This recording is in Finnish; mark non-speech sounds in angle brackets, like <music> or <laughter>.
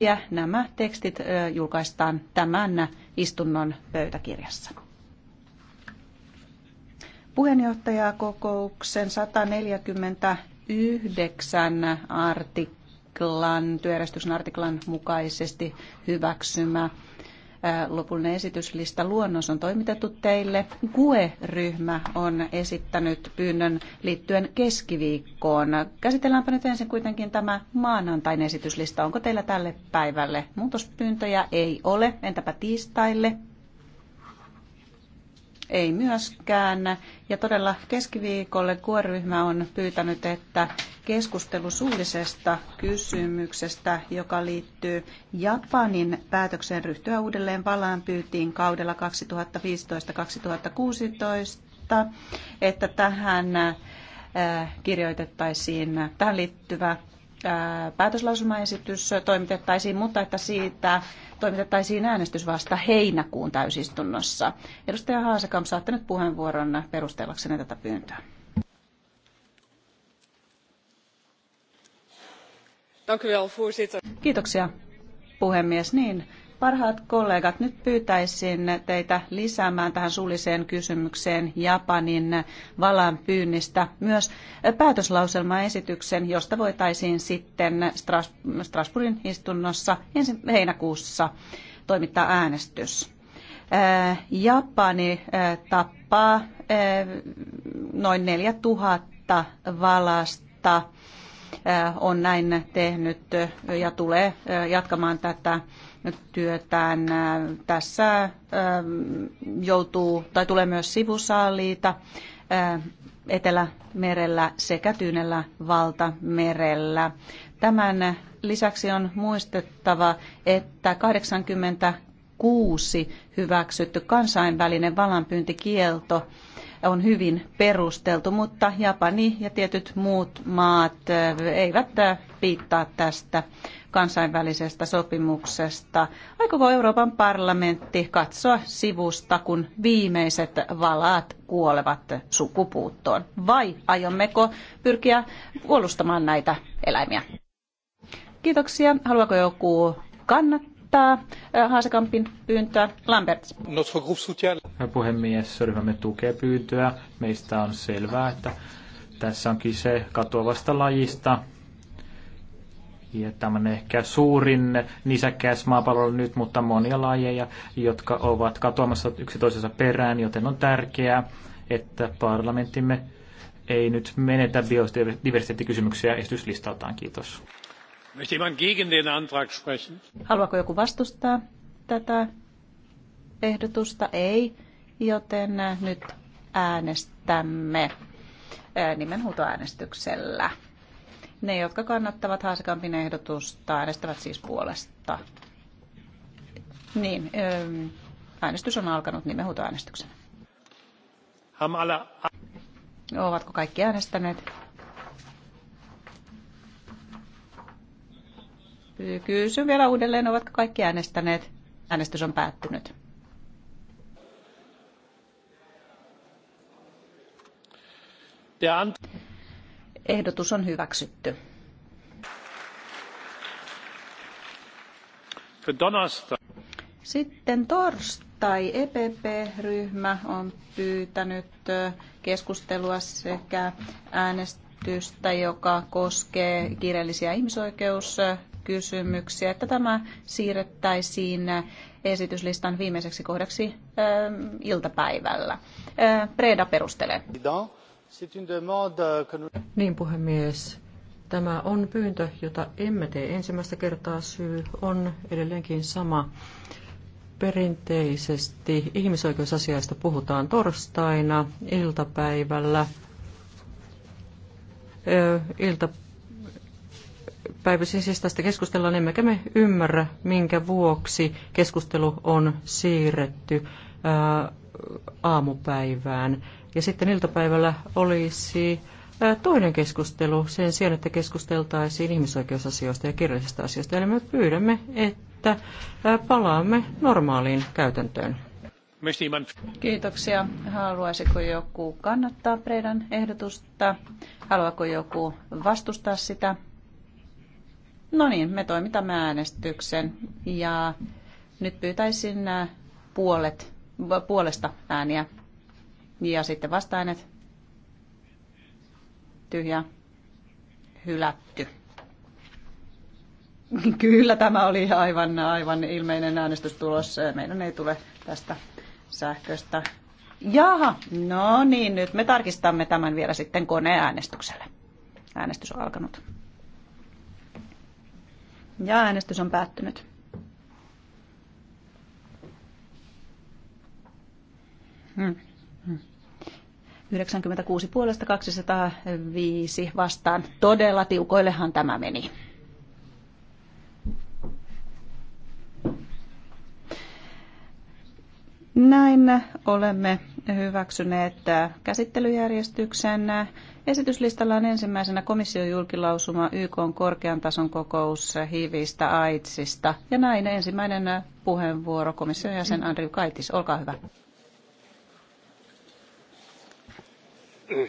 ja nämä tekstit julkaistaan tämän istunnon pöytäkirjassa. Puheenjohtajakokouksen 149 artiklan, työjärjestyksen artiklan mukaisesti hyväksymä lopullinen esityslista luonnos on toimitettu teille. GUE-ryhmä on esittänyt pyynnön liittyen keskiviikkoon. Käsitelläänpä nyt ensin kuitenkin tämä maanantain esityslista. Onko teillä tälle päivälle muutospyyntöjä? Ei ole. Entäpä tiistaille? Ei myöskään. Ja todella keskiviikolle kuoryhmä on pyytänyt, että keskustelu suullisesta kysymyksestä, joka liittyy Japanin päätökseen ryhtyä uudelleen valaan pyytiin kaudella 2015-2016, että tähän äh, kirjoitettaisiin tähän liittyvä päätöslausumaesitys toimitettaisiin, mutta että siitä toimitettaisiin äänestys vasta heinäkuun täysistunnossa. Edustaja Haasakam, saatte nyt puheenvuoron perustellaksenne tätä pyyntöä. Kiitoksia puhemies. Niin, Parhaat kollegat, nyt pyytäisin teitä lisäämään tähän suulliseen kysymykseen Japanin valan pyynnistä myös päätöslauselmaesityksen, josta voitaisiin sitten Strasbourgin istunnossa ensi heinäkuussa toimittaa äänestys. Äh, Japani äh, tappaa äh, noin 4000 valasta Äh, on näin tehnyt äh, ja tulee äh, jatkamaan tätä työtään. Tässä joutuu tai tulee myös sivusaaliita Etelämerellä sekä Tyynellä valtamerellä. Tämän lisäksi on muistettava, että 86 hyväksytty kansainvälinen valanpyyntikielto on hyvin perusteltu, mutta Japani ja tietyt muut maat eivät piittaa tästä kansainvälisestä sopimuksesta. Aikooko Euroopan parlamentti katsoa sivusta, kun viimeiset valaat kuolevat sukupuuttoon? Vai aiommeko pyrkiä puolustamaan näitä eläimiä? Kiitoksia. Haluaako joku kannattaa? kannattaa Haasakampin pyyntöä. Lamberts. Herra puhemies, ryhmämme tukee pyyntöä. Meistä on selvää, että tässä on kyse katoavasta lajista. Ja tämä on ehkä suurin nisäkäs maapallolla nyt, mutta monia lajeja, jotka ovat katoamassa yksi toisensa perään, joten on tärkeää, että parlamenttimme ei nyt menetä biodiversiteettikysymyksiä esityslistaltaan. Kiitos. Haluaako joku vastustaa tätä ehdotusta? Ei, joten äh, nyt äänestämme äh, nimenhuutoäänestyksellä. Ne, jotka kannattavat Haasikampin ehdotusta, äänestävät siis puolesta. Niin, ähm, äänestys on alkanut nimenhuutoäänestyksen. Ovatko kaikki äänestäneet? Kysyn vielä uudelleen, ovatko kaikki äänestäneet? Äänestys on päättynyt. Ehdotus on hyväksytty. Sitten torstai EPP-ryhmä on pyytänyt keskustelua sekä äänestystä, joka koskee kirjallisia ihmisoikeus- kysymyksiä, että tämä siirrettäisiin esityslistan viimeiseksi kohdaksi ähm, iltapäivällä. Äh, Preda perustelee. Niin puhemies, Tämä on pyyntö, jota emme tee ensimmäistä kertaa. Syy on edelleenkin sama. Perinteisesti ihmisoikeusasiaista puhutaan torstaina iltapäivällä. Äh, ilta, siis tästä keskustellaan, emmekä me ymmärrä, minkä vuoksi keskustelu on siirretty ää, äh, aamupäivään. Ja sitten iltapäivällä olisi ää, äh, toinen keskustelu sen sijaan, että keskusteltaisiin ihmisoikeusasioista ja kirjallisista asioista. Eli me pyydämme, että ää, äh, palaamme normaaliin käytäntöön. Kiitoksia. Haluaisiko joku kannattaa Preidan ehdotusta? Haluaako joku vastustaa sitä? No niin, me toimitamme äänestyksen ja nyt pyytäisin äh, puolet, puolesta ääniä ja sitten vastaanet. Tyhjä. Hylätty. <laughs> Kyllä tämä oli aivan, aivan ilmeinen äänestystulos. Meidän ei tule tästä sähköstä. Jaha, no niin, nyt me tarkistamme tämän vielä sitten koneäänestyksellä. Äänestys on alkanut. Ja äänestys on päättynyt. Hmm. 96 hmm. puolesta 205 vastaan. Todella tiukoillehan tämä meni. Näin olemme hyväksyneet käsittelyjärjestyksen. Esityslistalla on ensimmäisenä komission julkilausuma YK on korkean tason kokous HIVistä, AIDSista. Ja näin ensimmäinen puheenvuoro komission jäsen Andriy Kaitis. Olkaa hyvä.